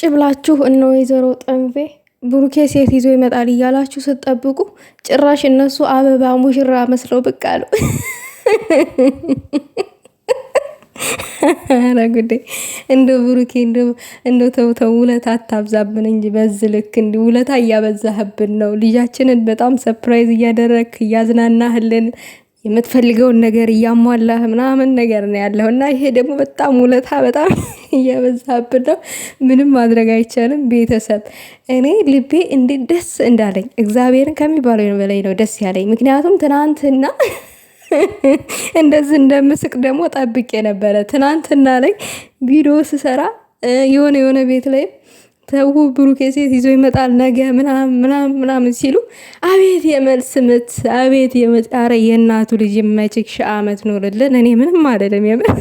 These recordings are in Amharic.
ቁጭ ብላችሁ እነ ወይዘሮ ጠንፌ ብሩኬ ሴት ይዞ ይመጣል እያላችሁ ስትጠብቁ ጭራሽ እነሱ አበባ ሙሽራ መስለው ብቅ አሉ። ኧረ ጉዴ! እንደ ብሩኬ እንደ ተውተው ውለታ አታብዛብን እንጂ በዝ ልክ እንዲ ውለታ እያበዛህብን ነው። ልጃችንን በጣም ሰፕራይዝ እያደረግክ እያዝናናህልን የምትፈልገውን ነገር እያሟላህ ምናምን ነገር ነው ያለው እና ይሄ ደግሞ በጣም ውለታ በጣም እያበዛብን ነው። ምንም ማድረግ አይቻልም። ቤተሰብ እኔ ልቤ እንዴት ደስ እንዳለኝ እግዚአብሔርን ከሚባለው በላይ ነው ደስ ያለኝ። ምክንያቱም ትናንትና እንደዚህ እንደምስቅ ደግሞ ጠብቄ ነበረ። ትናንትና ላይ ቪዲዮ ስሰራ የሆነ የሆነ ቤት ላይ ተው ብሩኬ ሴት ይዞ ይመጣል ነገ ምናምን ምናምን ሲሉ አቤት የመልስ ምት አቤት የመጣረ የእናቱ ልጅ የማይችግ ሺህ ዓመት ኖርልን። እኔ ምንም አይደለም የምር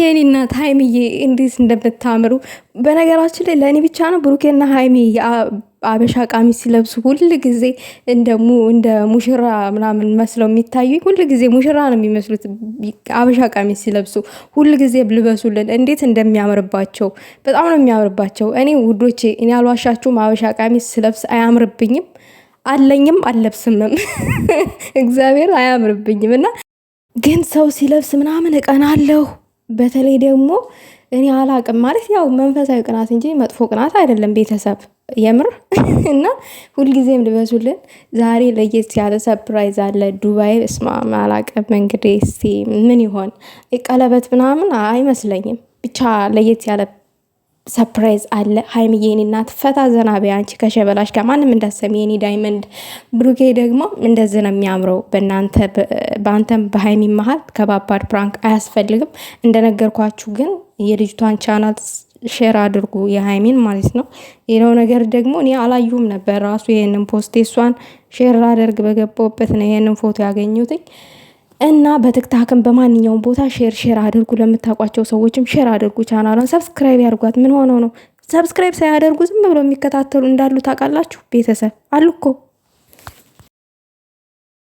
የኔ እናት ሀይሚዬ እንዴት እንደምታምሩ በነገራችን ላይ ለእኔ ብቻ ነው ብሩኬና ሀይሚ አበሻ ቀሚስ ሲለብሱ ሁል ጊዜ እንደ ሙሽራ ምናምን መስለው የሚታዩኝ ሁል ጊዜ ሙሽራ ነው የሚመስሉት። አበሻ ቀሚስ ሲለብሱ ሁል ጊዜ ልበሱልን እንዴት እንደሚያምርባቸው በጣም ነው የሚያምርባቸው። እኔ ውዶቼ፣ እኔ አልዋሻችሁም፣ አበሻ ቀሚስ ስለብስ አያምርብኝም፣ አለኝም አልለብስምም። እግዚአብሔር አያምርብኝም እና ግን ሰው ሲለብስ ምናምን እቀናለሁ። በተለይ ደግሞ እኔ አላቅም ማለት ያው መንፈሳዊ ቅናት እንጂ መጥፎ ቅናት አይደለም። ቤተሰብ የምር እና ሁልጊዜም ልበሱልን። ዛሬ ለየት ያለ ሰፕራይዝ አለ ዱባይ። እስማ አላቅም እንግዲህ ምን ይሆን ቀለበት ምናምን አይመስለኝም። ብቻ ለየት ያለ ሰፕራይዝ አለ። ሀይሚዬ የኔ እናት ፈታ ዘና በይ አንቺ ከሸበላሽ ጋር ማንም እንዳሰሚ የኔ ዳይመንድ። ብሩኬ ደግሞ እንደዚህ ነው የሚያምረው። በእናንተ በአንተም በሀይሚ መሀል ከባባድ ፕራንክ አያስፈልግም። እንደነገርኳችሁ ግን የልጅቷን ቻናል ሼር አድርጉ የሀይሚን ማለት ነው። ሌላው ነገር ደግሞ እኔ አላዩም ነበር ራሱ ይሄንን ፖስት እሷን ሼር አደርግ በገባውበት ነው ይሄንን ፎቶ ያገኙትኝ። እና በትክታክም በማንኛውም ቦታ ሼር ሼር አድርጉ። ለምታውቋቸው ሰዎችም ሼር አድርጉ። ቻናሏን ሰብስክራይብ ያድርጓት። ምን ሆነው ነው ሰብስክራይብ ሳያደርጉ ዝም ብሎ የሚከታተሉ እንዳሉ ታውቃላችሁ? ቤተሰብ አሉ እኮ